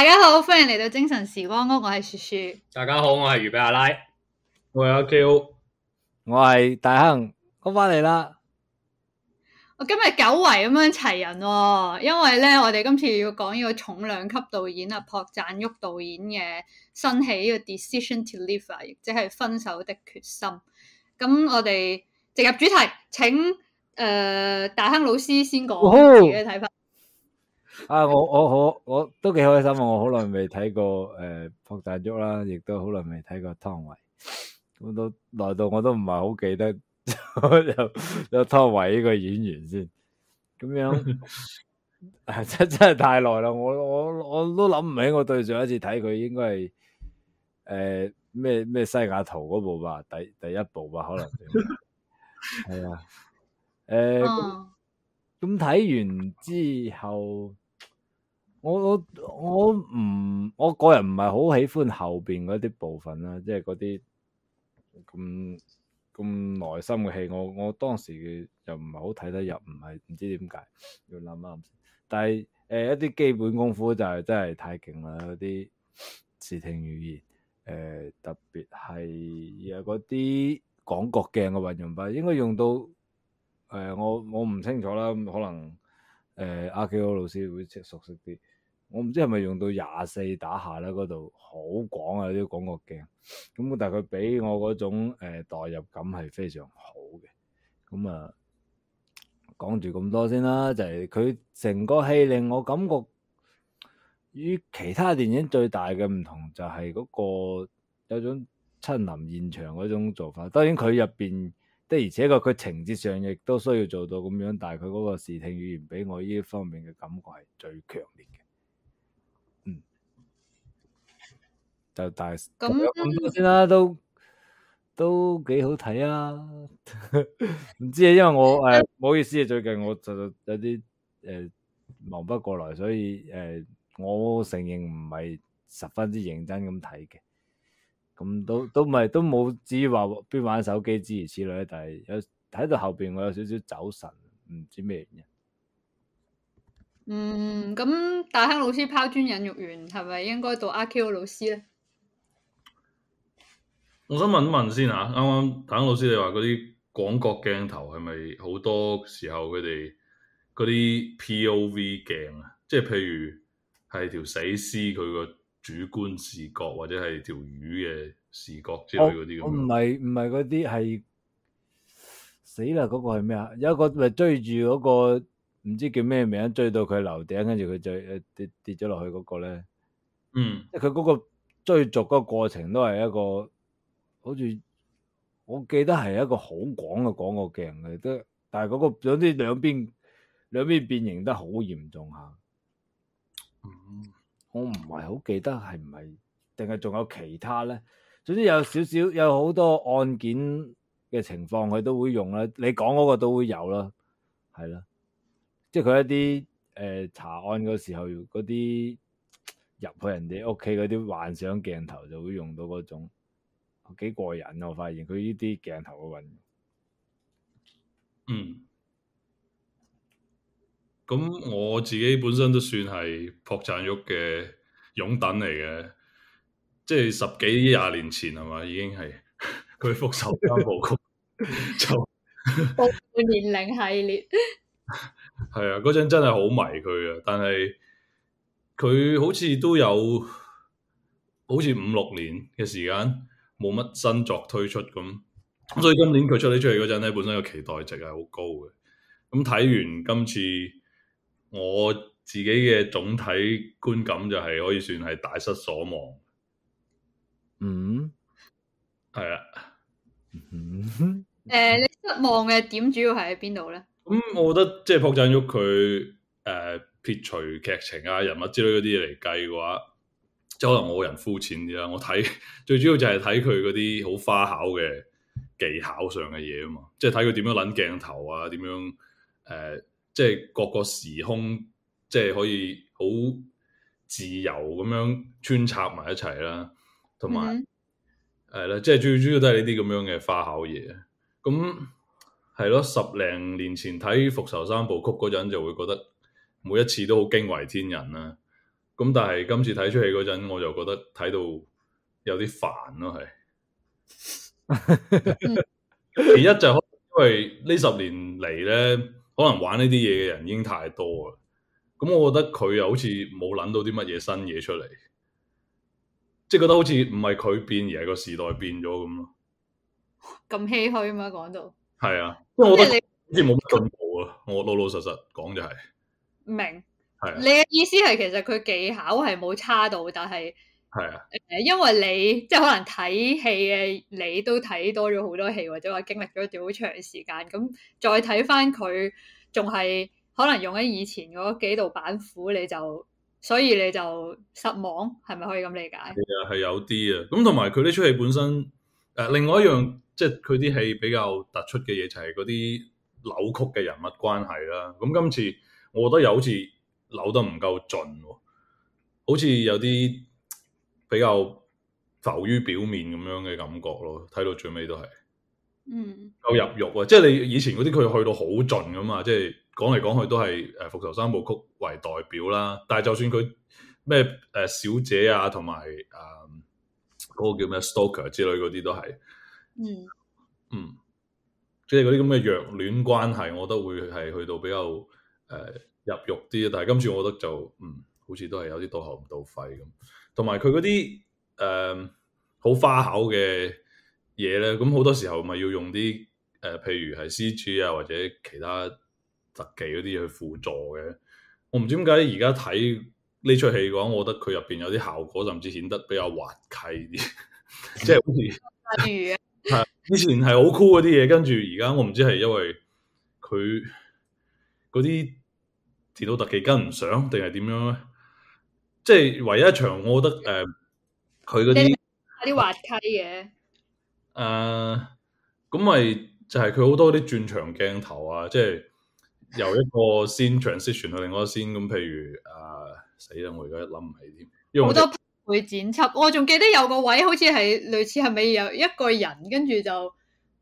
大家好，歡迎嚟到精神時光屋，我係雪雪。大家好，我係魚比阿拉，我係阿 Q，我係大亨，好返嚟啦。我，我今日久違咁樣齊人，哦，因為咧，我哋今次要講呢個重量級導演啊，朴贊郁導演嘅新起嘅《這個、Decision to Leave》啊，亦即係分手的決心。咁我哋直入主題，請誒、呃、大亨老師先講自己嘅睇法。哦啊！我我我都我、呃、都都我都幾開心啊！我好耐未睇過誒，朴贊郁啦，亦都好耐未睇過湯唯。咁都來到，我都唔係好記得， 有有湯唯呢個演員先。咁樣、啊、真真係太耐啦！我我我都諗唔起，我對上一次睇佢應該係誒咩咩西雅圖嗰部吧，第第一部吧，可能係 啊。誒、呃，咁睇，oh. 完之後。我我我唔，我個人唔係好喜歡後邊嗰啲部分啦，即係嗰啲咁咁內心嘅戲，我我當時又唔係好睇得入，唔係唔知點解，要諗諗。但係誒、呃、一啲基本功夫就係、是、真係太勁啦，有啲視聽語言，誒、呃、特別係有嗰啲廣角鏡嘅運用吧，應該用到誒、呃、我我唔清楚啦，可能。誒、呃、阿 K 哥老師會識熟悉啲，我唔知係咪用到廿四打下咧，嗰度好廣啊，呢個廣角鏡。咁但係佢俾我嗰種、呃、代入感係非常好嘅，咁啊講住咁多先啦，就係佢成個戲令我感覺與其他電影最大嘅唔同就係嗰、嗰個有種親臨現場嗰種做法，當然佢入邊。的而且確佢情節上亦都需要做到咁樣，但係佢嗰個視聽語言畀我呢方面嘅感覺係最強烈嘅。嗯，就大咁先啦，都都幾好睇啊！唔 知啊，因為我誒唔、呃、好意思啊，最近我就有啲誒忙不過來，所以誒、呃、我承認唔係十分之認真咁睇嘅。咁都都唔係都冇至於話邊玩手機，諸如此類，但係有睇到後邊，我有少少走神，唔知咩原因。嗯，咁大亨老師拋磚引玉完，係咪應該到阿 Q 老師咧？我想問一問先吓啊，啱啱大亨老師你話嗰啲廣角鏡頭係咪好多時候佢哋嗰啲 P.O.V 鏡啊？即係譬如係條死屍佢個。主觀視覺，或者係條魚嘅視覺之類嗰啲我我唔係唔係嗰啲，係死啦！嗰個係咩啊？有一個咪追住嗰個唔知叫咩名，追到佢樓頂，跟住佢就跌跌咗落去嗰個咧。嗯，即係佢嗰個追逐嗰個過程都係一個好似我記得係一個好廣嘅廣角鏡嘅，都但係嗰個有啲兩邊兩邊變形得好嚴重吓。嗯。我唔係好記得係唔係，定係仲有其他咧？總之有少少，有好多案件嘅情況，佢都會用啦。你講嗰個都會有啦，係啦。即係佢一啲誒、呃、查案嗰時候，嗰啲入去人哋屋企嗰啲幻想鏡頭，就會用到嗰種，幾過癮。我發現佢呢啲鏡頭嘅運用，嗯。咁我自己本身都算係朴贊郁嘅擁躉嚟嘅，即係十幾廿年前係嘛，已經係佢復仇三部曲，復 仇 就 年齡系列係 啊！嗰陣真係好迷佢嘅，但係佢好似都有好似五六年嘅時間冇乜新作推出咁，所以今年佢出嚟出嚟嗰陣咧，本身個期待值係好高嘅。咁睇完今次。我自己嘅總體觀感就係可以算係大失所望。嗯，係啊。誒，你失望嘅點主要係喺邊度咧？咁、嗯、我覺得即係朴贊郁佢誒撇除劇情啊、人物之類嗰啲嘢嚟計嘅話，即係可能我個人膚淺啲啦。我睇最主要就係睇佢嗰啲好花巧嘅技巧上嘅嘢啊嘛，即係睇佢點樣捻鏡頭啊，點樣誒。呃即係各個時空，即係可以好自由咁樣穿插埋一齊啦，同埋係啦，即係最主要都係呢啲咁樣嘅花巧嘢。咁係咯，十零年前睇《復仇三部曲》嗰陣，就會覺得每一次都好驚為天人啦。咁但係今次睇出戲嗰陣，我就覺得睇到有啲煩咯，係。 其一就因為呢十年嚟咧。可能玩呢啲嘢嘅人已經太多啦，咁我覺得佢又好似冇諗到啲乜嘢新嘢出嚟，即係覺得好似唔係佢變，而係個時代變咗咁咯。咁唏噓嘛，講到係啊，即係我覺得你即係冇乜進步啊，我老老實實講就係、是、明，係、啊、你嘅意思係其實佢技巧係冇差到，但係。係啊，誒，因為你即係可能睇戲嘅你都睇多咗好多戲，或者話經歷咗一段好長時間，咁再睇翻佢，仲係可能用緊以前嗰幾度板斧，你就所以你就失望，係咪可以咁理解？其實，係有啲啊，咁同埋佢呢出戲本身誒、呃，另外一樣即係佢啲戲比較突出嘅嘢，就係嗰啲扭曲嘅人物關係啦。咁今次我覺得又好似扭得唔夠盡喎，好似有啲。比較浮於表面咁樣嘅感覺咯，睇到最尾都係，嗯，夠入肉啊！即係你以前嗰啲佢去到好盡咁嘛。嗯、即係講嚟講去都係誒復仇三部曲為代表啦，但係就算佢咩誒小姐啊，同埋誒嗰個叫咩 stalker 之類嗰啲都係，嗯，嗯即係嗰啲咁嘅虐戀關係，我都會係去到比較誒、呃、入肉啲，但係今次我覺得就嗯，好似都係有啲到喉唔到肺咁。同埋佢嗰啲誒好花巧嘅嘢咧，咁好多時候咪要用啲誒、呃，譬如係 CG 啊或者其他特技嗰啲去輔助嘅。我唔知點解而家睇呢出戲嘅話，我覺得佢入邊有啲效果甚至顯得比較滑稽啲，即 係好似例如係以前係好酷嗰啲嘢，跟住而家我唔知係因為佢嗰啲電腦特技跟唔上定係點樣咧？即係唯一一場，我覺得誒，佢嗰啲啲滑稽嘅。誒、呃，咁咪就係佢好多啲轉場鏡頭啊！即係由一個先場切傳去另一個先咁。譬如啊、呃，死啦！我而家諗唔起添，因為。好多匹配剪輯，我仲記得有個位好似係類似係咪有一個人跟住就誒誒、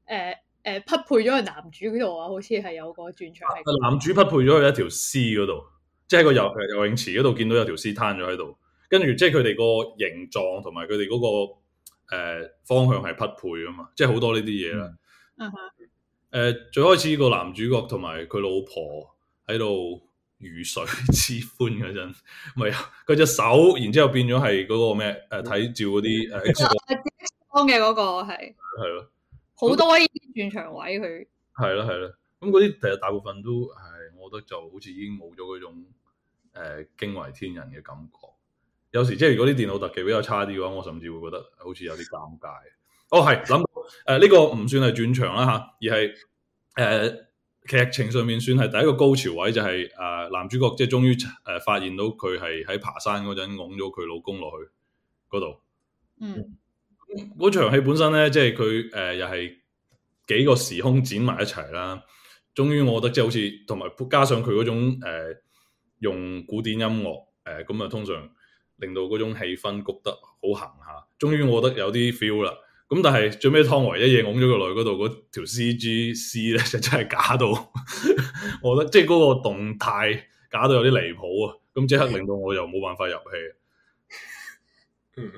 呃呃、匹配咗去男主嗰度啊？好似係有個轉場係。係、啊、男主匹配咗去一條屍嗰度。即係個游游泳池嗰度，見到有條屍攤咗喺度，跟住即係佢哋個形狀同埋佢哋嗰個誒方向係匹配噶嘛，即係好多呢啲嘢啦。嗯哼。誒，最開始個男主角同埋佢老婆喺度魚水之歡嗰陣，咪佢隻手，然之後變咗係嗰個咩？誒，睇照嗰啲誒，X 光嘅嗰個係。係咯。好多呢啲轉場位佢。係咯係咯，咁啲其實大部分都係。我覺得就好似已經冇咗嗰種誒驚、呃、為天人嘅感覺。有時即係如果啲電腦特技比較差啲嘅話，我甚至會覺得好似有啲尷尬。哦，係諗誒呢個唔算係轉場啦吓、啊，而係誒劇情上面算係第一個高潮位，就係、是、誒、呃、男主角即係終於誒發現到佢係喺爬山嗰陣拱咗佢老公落去嗰度。嗯，嗰場戲本身咧，即係佢誒又係幾個時空剪埋一齊啦。終於，我覺得即係好似同埋加上佢嗰種、呃、用古典音樂誒咁啊，通常令到嗰種氣氛焗得好行下。終於，我覺得有啲 feel 啦。咁但係最尾湯唯一夜拱咗佢來嗰度，嗰條 C G C 咧就真係假到， 我覺得即係嗰個動態假到有啲離譜啊！咁即刻令到我又冇辦法入戲。嗯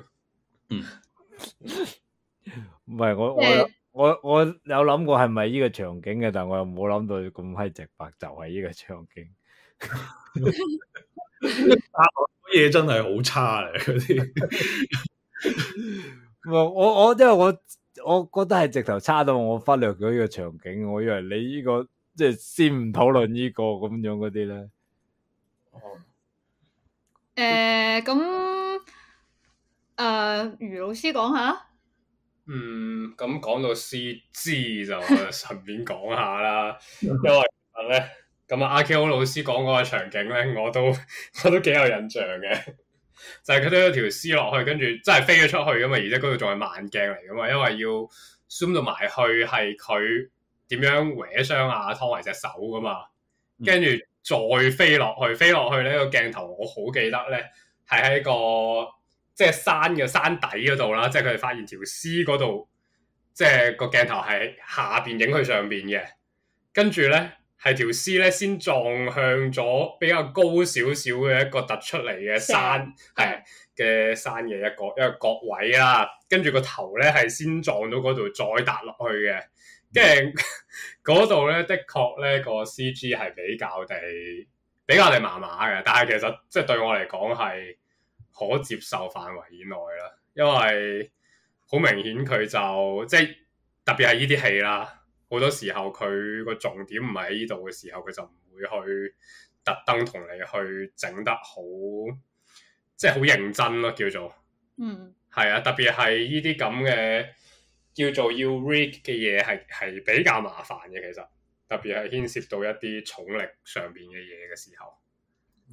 嗯，唔係我我。我 我我有諗過係咪呢個場景嘅，但係我又冇諗到咁閪直白，就係呢個場景。我啊，嘢真係好差啊！嗰啲，唔 我我因為我我覺得係直頭差到我忽略咗呢個場景。我以為你、這個就是這個、呢個即係先唔討論呢個咁樣嗰啲咧。哦、呃。誒、咁、呃、誒，余老師講下。嗯，咁講到 CG 就順便講下啦， 因為咧咁啊，阿 Ko 老師講嗰個場景咧，我都我都幾有印象嘅， 就係佢都有條絲落去，跟住真係飛咗出去噶嘛，而且嗰度仲係慢鏡嚟噶嘛，因為要 zoom 到埋去係佢點樣搲傷啊，湯唯隻手噶嘛，跟住再飛落去， 去，飛落去呢、個鏡頭我好記得咧係喺個。即係山嘅山底嗰度啦，即係佢哋發現條屍嗰度，即係個鏡頭係下邊影佢上邊嘅，跟住咧係條屍咧先撞向咗比較高少少嘅一個突出嚟嘅山，係嘅的山嘅一個一個角位啦，跟住個頭咧係先撞到嗰度再揼落去嘅，跟住嗰度咧的確咧、個 CG 係比較地比較地麻麻嘅，但係其實即係對我嚟講係，可接受範圍以內啦，因為好明顯佢就即係特別係呢啲戲啦，好多時候佢個重點唔係喺呢度嘅時候，佢就唔會去特登同你去整得好即係好認真咯，叫做嗯，係啊，特別係呢啲咁嘅叫做要 read 嘅嘢係係比較麻煩嘅，其實特別係牽涉到一啲重力上面嘅嘢嘅時候，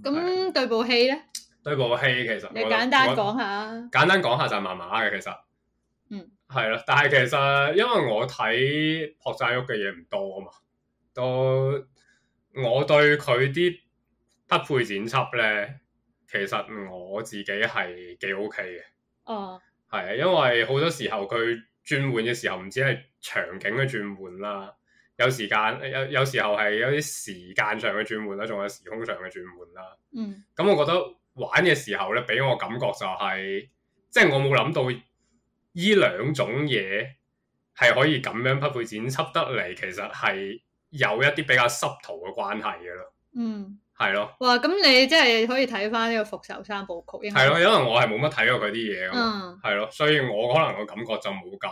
咁、嗯啊、對部戲咧？所以部戲其實你簡單講下，簡單講下就麻麻嘅其實，嗯，係咯，但係其實因為我睇朴贊郁嘅嘢唔多啊嘛，我我對佢啲匹配剪輯咧，其實我自己係幾 OK 嘅，哦，係啊，因為好多時候佢轉換嘅時候唔止係場景嘅轉換啦，有時間有有時候係有啲時間上嘅轉換啦，仲有時空上嘅轉換啦，嗯，咁我覺得。玩嘅時候咧，俾我感覺就係，即係我冇諗到依兩種嘢係可以咁樣匹配剪輯得嚟，其實係有一啲比較濕圖嘅關係嘅咯。嗯，係咯。哇，咁你即係可以睇翻呢個復仇三部曲。係咯，因為我係冇乜睇過佢啲嘢。嗯。係咯，所以我可能個感覺就冇咁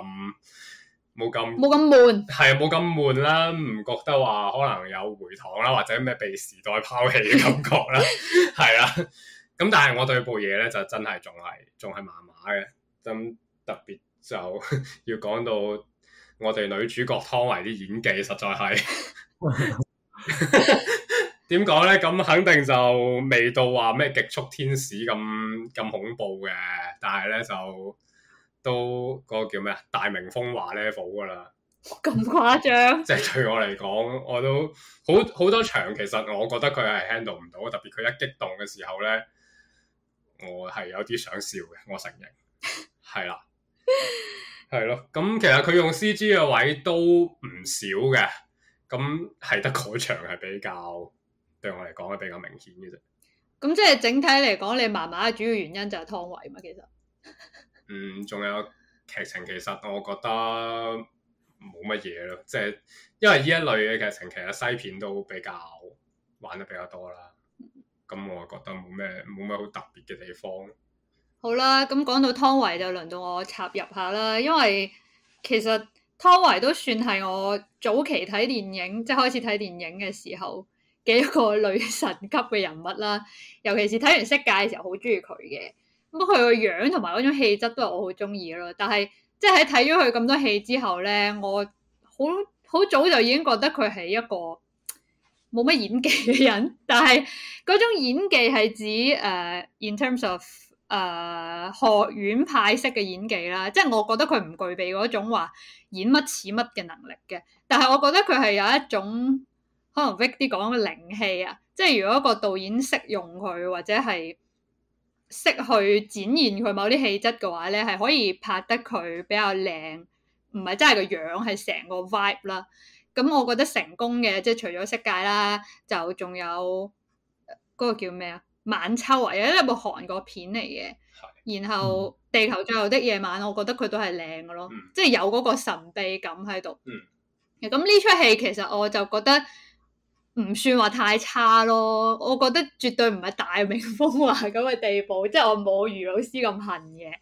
冇咁冇咁悶。係冇咁悶啦，唔覺得話可能有回堂啦，或者咩被時代拋棄嘅感覺啦。係啦。 咁但係我對部嘢咧就真係仲係仲係麻麻嘅。咁、嗯、特別就要講到我哋女主角湯唯啲演技，實在係點講咧？咁 肯定就未到話咩極速天使咁咁恐怖嘅，但係咧就都嗰、嗰個叫咩啊？大明風華 level 噶啦，咁誇張？即係對我嚟講，我都好好多場，其實我覺得佢係 handle 唔到，特別佢一激動嘅時候咧。我係有啲想笑嘅，我承認係啦，係 咯。咁其實佢用 CG 嘅位都唔少嘅，咁係得嗰場係比較對我嚟講係比較明顯嘅啫。咁即係整體嚟講，你麻麻嘅主要原因就係湯唯嘛，其實。 嗯，仲有劇情，其實我覺得冇乜嘢咯。即係因為呢一類嘅劇情，其實西片都比較玩得比較多啦。咁我覺得冇咩冇咩好特別嘅地方。好啦，咁講到湯唯就輪到我插入下啦，因為其實湯唯都算係我早期睇電影即係、就是、開始睇電影嘅時候嘅一個女神級嘅人物啦。尤其是睇完《色戒》嘅時候，好中意佢嘅。咁佢個樣同埋嗰種氣質都係我好中意咯。但係即係喺睇咗佢咁多戲之後咧，我好好早就已經覺得佢係一個冇乜演技嘅人，但係嗰種演技係指誒，in terms of 誒學院派式嘅演技啦，即係我覺得佢唔具備嗰種話演乜似乜嘅能力嘅。但係我覺得佢係有一種可能 Vic 啲講嘅靈氣啊，即係如果個導演識用佢，或者係識去展現佢某啲氣質嘅話咧，係可以拍得佢比較靚，唔係真係個樣係成個 vibe 啦。咁我覺得成功嘅，即係除咗色戒啦，就仲有嗰個叫咩啊？晚秋啊，有一部韓國片嚟嘅，的然後地球最後的夜晚，我覺得佢都係靚嘅咯，即係、嗯、有嗰個神秘感喺度。咁呢出戲其實我就覺得唔算話太差咯，我覺得絕對唔係大明風華咁嘅地步，即係我冇余老師咁恨嘅。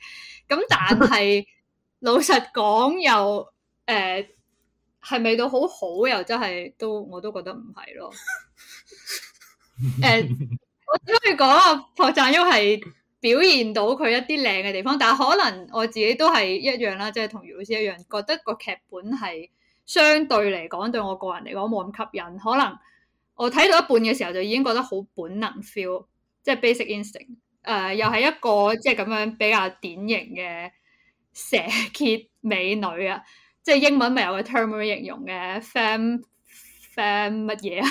咁但係 老實講又誒。呃係味道好好又真係，都我都覺得唔係咯。誒、 uh,，我只可以講啊，朴贊郁係表現到佢一啲靚嘅地方，但係可能我自己都係一樣啦，即係同余老師一樣，覺得個劇本係相對嚟講，對我個人嚟講冇咁吸引。可能我睇到一半嘅時候就已經覺得好本能 feel，即係 basic instinct、呃。誒，又係一個即係咁樣比較典型嘅蛇蠍美女啊！即係英文咪有個 term 嚟形容嘅，fam fam 乜嘢啊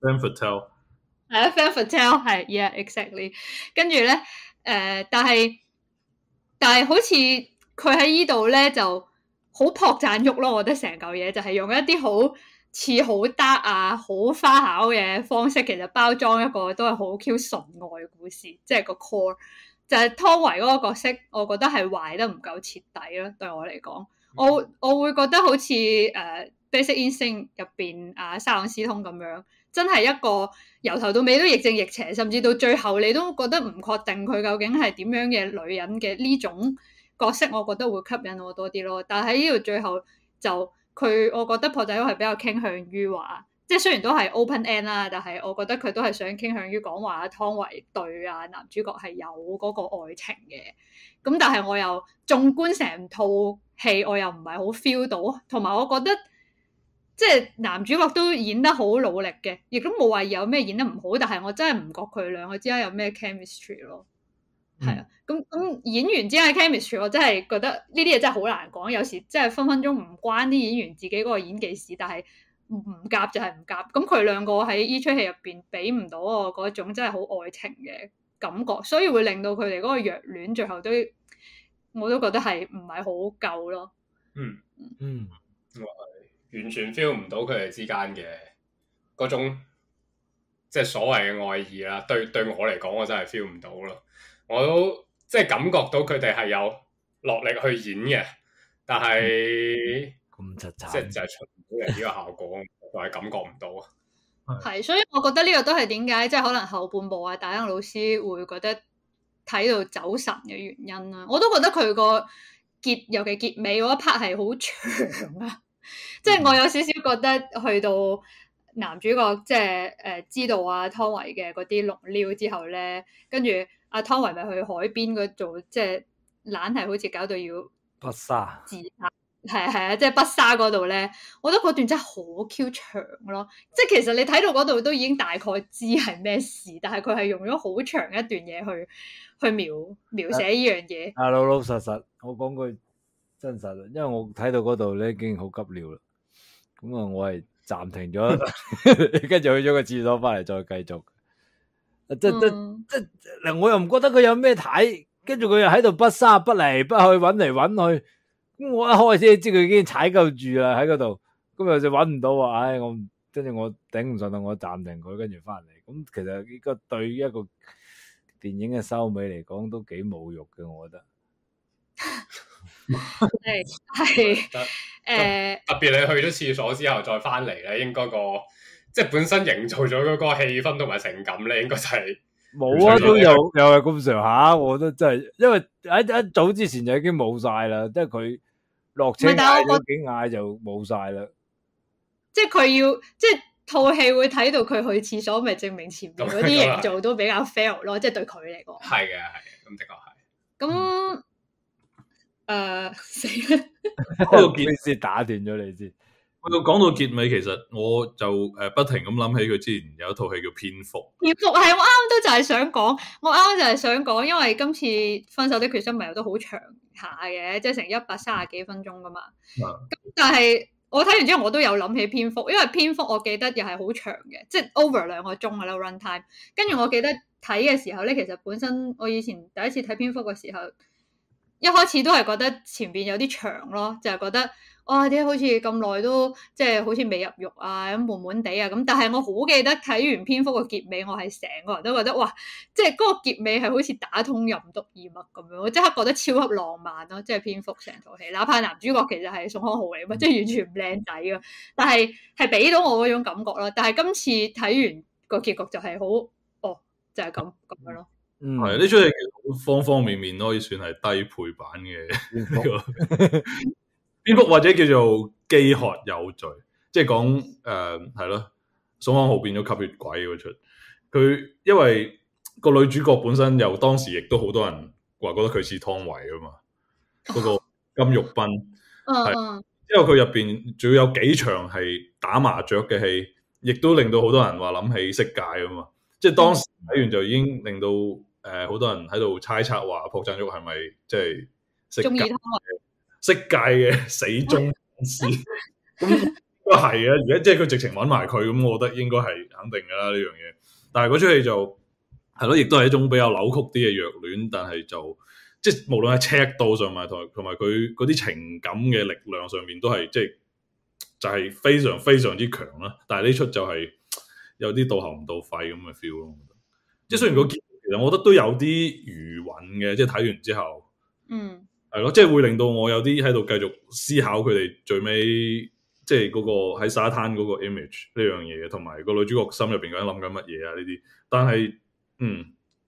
？femme fatale 係啊，femme fatale 係，yeah，exactly。跟住咧，誒、呃，但係但係好似佢喺依度咧，就好朴贊郁咯。我覺得成嚿嘢就係、是、用一啲好似好得啊、好花巧嘅方式，其實包裝一個都係好 Q 純愛故事，即、就、係、是、個 core 就係湯唯嗰個角色，我覺得係壞得唔夠徹底咯，對我嚟講。我我會覺得好似誒《Basic Instinct》入邊阿沙朗斯通咁樣，真係一個由頭到尾都亦正亦邪，甚至到最後你都覺得唔確定佢究竟係點樣嘅女人嘅呢種角色，我覺得會吸引我多啲咯。但喺呢度最後就佢，我覺得破仔都係比較傾向於話，即係雖然都係 open end 啦，但係我覺得佢都係想傾向於講話湯唯對啊男主角係有嗰個愛情嘅。咁但係我又縱觀成套。戲我又唔係好 feel 到，同埋我覺得即係男主角都演得好努力嘅，亦都冇話有咩演得唔好。但係我真係唔覺佢兩個、嗯、之間有咩 chemistry 咯，係啊。咁咁演員之間嘅 chemistry，我真係覺得呢啲嘢真係好難講。有時即係分分鐘唔關啲演員自己嗰個演技事，但係唔夾就係唔夾。咁佢兩個喺呢出戲入邊俾唔到我嗰種真係好愛情嘅感覺，所以會令到佢哋嗰個虐戀最後都。我都覺得係唔係好夠咯。嗯嗯，完全 feel 唔到佢哋之間嘅嗰種即係、就是、所謂嘅愛意啦。對對，我嚟講，我真係 feel 唔到咯。我都即係感覺到佢哋係有落力去演嘅，但係咁執即係就係出唔到人呢個效果，就係感覺唔到啊。係 是，所以我覺得呢個都係點解，即係可能後半部啊，大英老師會覺得。睇到走神嘅原因啦、啊，我都覺得佢個結，尤其結尾嗰一 part 係好長啊！即 係 我有少少覺得，去到男主角即係誒、呃、知道啊湯唯嘅嗰啲綠撩之後咧，跟住阿湯唯咪去海邊嗰度，即係懶係好似搞到要自係係啊，即係筆沙嗰度咧，我覺得嗰段真係好 Q 長咯。即係其實你睇到嗰度都已經大概知係咩事，但係佢係用咗好長一段嘢去去描描寫呢樣嘢。啊老老實實，我講句真實啦，因為我睇到嗰度咧已經好急尿啦，咁啊我係暫停咗，跟住 去咗個廁所翻嚟再繼續。即、嗯、即即嗱我又唔覺得佢有咩睇，跟住佢又喺度筆沙筆嚟筆去揾嚟揾去。我一開始知佢已經踩夠住啦，喺嗰度，咁日就揾唔到啊！唉，我跟住我頂唔順，啦，我暫停佢，跟住翻嚟。咁其實呢個對一個電影嘅收尾嚟講，都幾侮辱嘅，我覺得係係特別你去咗廁所之後再翻嚟咧，應該、嗰個即係本身營造咗嗰個氣氛同埋情感咧，應該就係、是、冇啊，都有又係咁上下，我覺得真係，因為喺一,一早之前就已經冇晒啦，即係佢。落車幾嗌，就冇晒啦，即係佢要，即係套戲會睇到佢去廁所，咪證明前面嗰啲營造都比較 fail 咯， 即係對佢嚟講。係嘅，係嘅，咁的確係。咁、嗯，誒、呃，死啦， 我件事打斷咗你先。我講到結尾，其實我就誒不停咁諗起佢之前有一套戲叫《蝙蝠》。蝙蝠係，我啱啱都就係想講，我啱啱就係想講，因為今次分手的決心咪又都好長下嘅，即係成一百三十幾分鐘噶嘛。咁，嗯，但係我睇完之後，我都有諗起蝙蝠，因為蝙蝠我記得又係好長嘅，即係 over 兩個鐘嘅咧 runtime。Run time，跟住我記得睇嘅時候咧，其實本身我以前第一次睇蝙蝠嘅時候，一開始都係覺得前邊有啲長咯，就係覺得。哇！啲好似咁耐都即係好似未入肉啊，咁悶悶地啊咁。但係我好記得睇完蝙蝠嘅結尾，我係成個人都覺得哇！即係嗰個結尾係好似打通任督二脈咁樣，我即刻覺得超級浪漫咯，啊！即係蝙蝠成套戲，哪怕男主角其實係宋康昊嚟嘅，即係、嗯、完全唔靚仔啊，但係係俾到我嗰種感覺咯。但係今次睇完個結局就係好哦，就係咁咁樣咯嗯。嗯，係呢出戲方方面面都可以算係低配版嘅。嗯 蝙蝠或者叫做飢渴有罪，即係講誒係咯，宋康昊變咗吸血鬼嗰出，佢因為個女主角本身又當時亦都好多人話覺得佢似湯唯啊嘛，嗰、那個金玉彬，嗯 ，因為佢入邊主要有幾場係打麻雀嘅戲，亦都令到好多人話諗起色戒啊嘛，即係當時睇完就已經令到誒好、呃、多人喺度猜測話朴贊郁係咪即係中意色戒嘅死忠人士，咁都係嘅。而家即係佢直情揾埋佢，咁我覺得應該係肯定㗎喇呢樣嘢。但係嗰齣戲就係咯，亦都係一種比較扭曲啲嘅虐戀，但係就即係無論喺尺度上邊同同埋佢嗰啲情感嘅力量上面都，都係即係就係、是、非常非常之強啦。但係呢出就係有啲到喉唔到肺咁嘅 feel 咯。即係雖然嗰件其實我覺得都有啲餘韻嘅，即係睇完之後，嗯。係咯，即係會令到我有啲喺度繼續思考佢哋最尾，即係嗰個喺沙灘嗰個 image 呢樣嘢，同埋個女主角心入邊究竟諗緊乜嘢啊？呢啲，但係，嗯，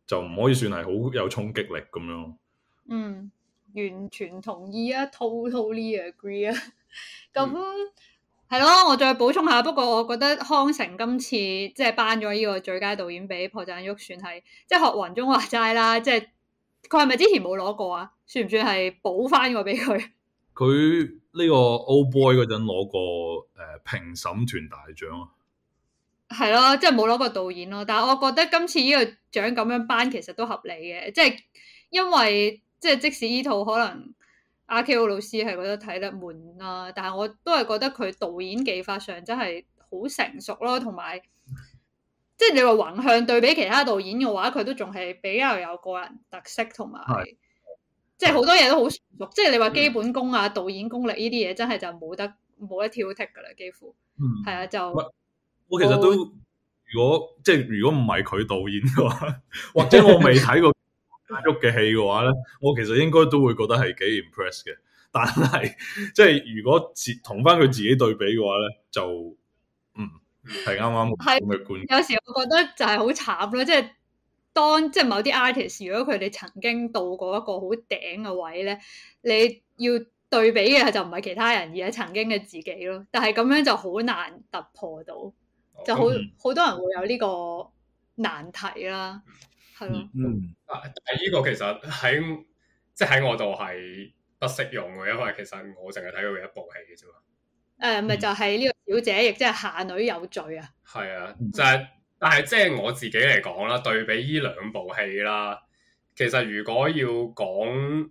就唔可以算係好有衝擊力咁樣。嗯，完全同意啊，totally agree 啊 那。咁係咯，我再補充下，不過我覺得康城今次即係頒咗呢個最佳導演俾朴贊郁，算係即係學雲中話齋啦，即係。即佢係咪之前冇攞過啊？算唔算係補翻個俾佢？佢呢個 old boy 嗰陣攞過誒評審團大獎啊，係咯、啊，即係冇攞過導演咯、啊。但係我覺得今次呢個獎咁樣頒其實都合理嘅，即、就、係、是、因為即係、就是、即使呢套可能阿 Ko 老師係覺得睇得悶啊，但係我都係覺得佢導演技法上真係好成熟咯、啊，同埋。即係你話橫向對比其他導演嘅話，佢都仲係比較有個人特色，同埋的即係好多嘢都好熟。即係你話基本功啊、導演功力呢啲嘢，真係就冇得冇得挑剔噶啦，幾乎係啊、嗯。就我其實都我如果即係如果唔係佢導演嘅話，或者我未睇過阿郁嘅戲嘅話咧， 我其實應該都會覺得係幾 impress 嘅。但係即係如果自同翻佢自己對比嘅話咧，就。係啱啱係咁嘅觀，有時我覺得就係好慘咯，即、就、係、是、當即係、就是、某啲 artist，如果佢哋曾經到過一個好頂嘅位咧，你要對比嘅就唔係其他人，而係曾經嘅自己咯。但係咁樣就好難突破到，就好好多人會有呢個難題啦，係咯、啊嗯嗯。嗯，但係呢個其實喺即係喺我度係不適用嘅，因為其實我淨係睇過佢一部戲嘅啫嘛。誒、嗯，咪就係、是、呢、這個。小姐亦即係下女有罪啊，係啊，就係、是、但係即係我自己嚟講啦，對比依兩部戲啦，其實如果要講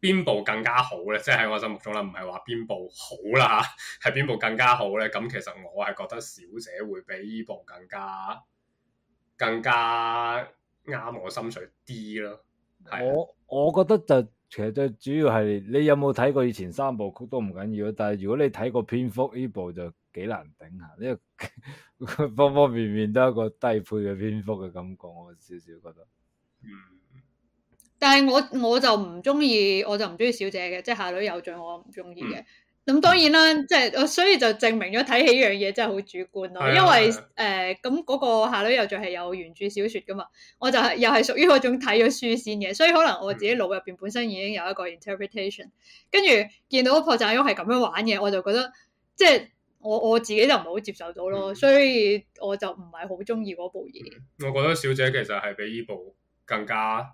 邊部更加好咧，即係喺我心目中啦，唔係話邊部好啦吓，係邊部更加好咧，咁其實我係覺得小姐會比依部更加更加啱我心水啲咯。啊、我我覺得就。其實最主要係你有冇睇過以前三部曲都唔緊要，但係如果你睇過蝙蝠呢部就幾難頂下，呢個方方面面都係一個低配嘅蝙蝠嘅感覺，我少少覺得。嗯，但係我我就唔中意，我就唔中意小姐嘅，即係下女有罪我，我唔中意嘅。咁、嗯、當然啦，即係我所以就證明咗睇起呢樣嘢真係好主觀咯。啊、因為誒咁嗰個下女又仲係有原著小説噶嘛，我就又係屬於嗰種睇咗書先嘅，所以可能我自己腦入邊本身已經有一個 interpretation，、嗯、跟住見到朴贊郁係咁樣玩嘢，我就覺得即係、就是、我我自己就唔係好接受到咯，嗯、所以我就唔係好中意嗰部嘢、嗯。我覺得小姐其實係比依部更加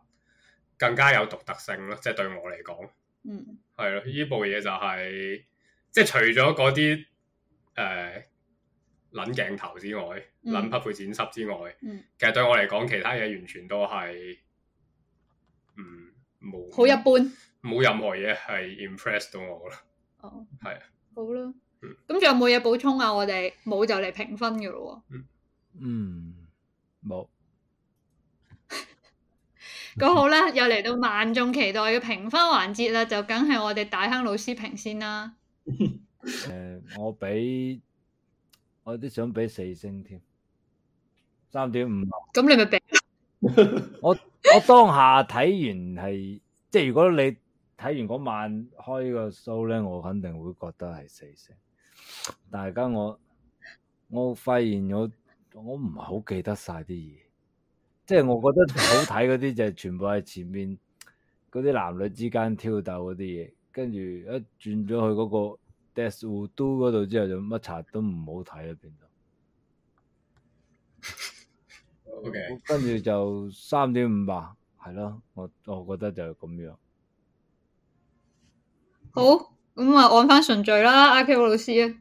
更加有獨特性咯，即、就、係、是、對我嚟講，嗯，係咯，依部嘢就係、是。即係除咗嗰啲誒，冷、呃、鏡頭之外，冷匹配剪輯之外，嗯、其實對我嚟講，其他嘢完全都係嗯冇好一般冇任何嘢係 impress 到我啦。哦，係好啦，咁仲有冇嘢補充啊？我哋冇就嚟評分噶咯。嗯，冇咁 好啦，又嚟到萬眾期待嘅評分環節啦，就梗係我哋大亨老師評先啦。誒、 uh，我俾我有啲想俾四星添，三點五。咁你就俾我，我當下睇完係，即係如果你睇完嗰晚開個 show 咧，我肯定會覺得係四星。但係而家我我發現我我唔係好記得晒啲嘢，即係我覺得好睇嗰啲就係全部係前面嗰啲男女之間挑逗嗰啲嘢。跟住一轉咗去嗰個 desk who do 嗰度之後，就乜嘢都唔好睇啦變到。O K，跟住就三點五吧，係咯，我我覺得就係咁樣。好，咁啊按翻順序啦，阿 K 老師啊。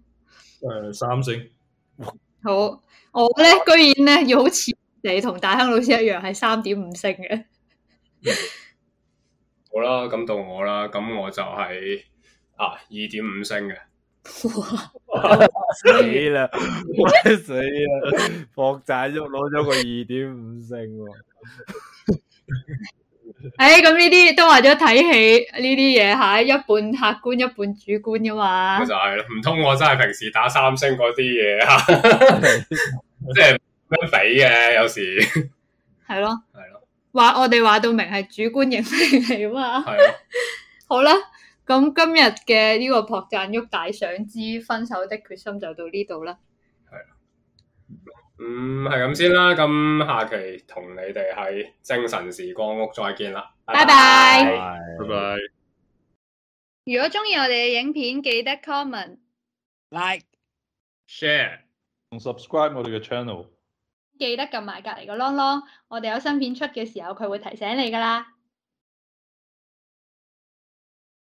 誒，三星。 好，我咧居然咧要好似你同大亨老師一樣係三點五星嘅。 好啦，咁到我啦，咁我就係、是、啊二點五星嘅 死啦，真係死啦，朴贊郁攞咗個二點五星喎。誒、 哎，咁呢啲都為咗睇戲呢啲嘢吓，一半客觀一半主觀噶嘛。就係啦，唔通我真係平時打三星嗰啲嘢吓，即係咩肥嘅有時係 咯，係咯。話我哋話到明係主觀認定嚟啊嘛，啊 好啦，咁今日嘅呢個朴贊郁大賞之分手的決心就到呢度啦。係啊，嗯，係咁先啦，咁下期同你哋喺精神時光屋再見啦，bye bye 拜拜，拜拜。如果中意我哋嘅影片，記得 comment、like、share 同 subscribe 我哋嘅 channel。記得撳埋隔離個啷啷，我哋有新片出嘅時候，佢會提醒你㗎喇。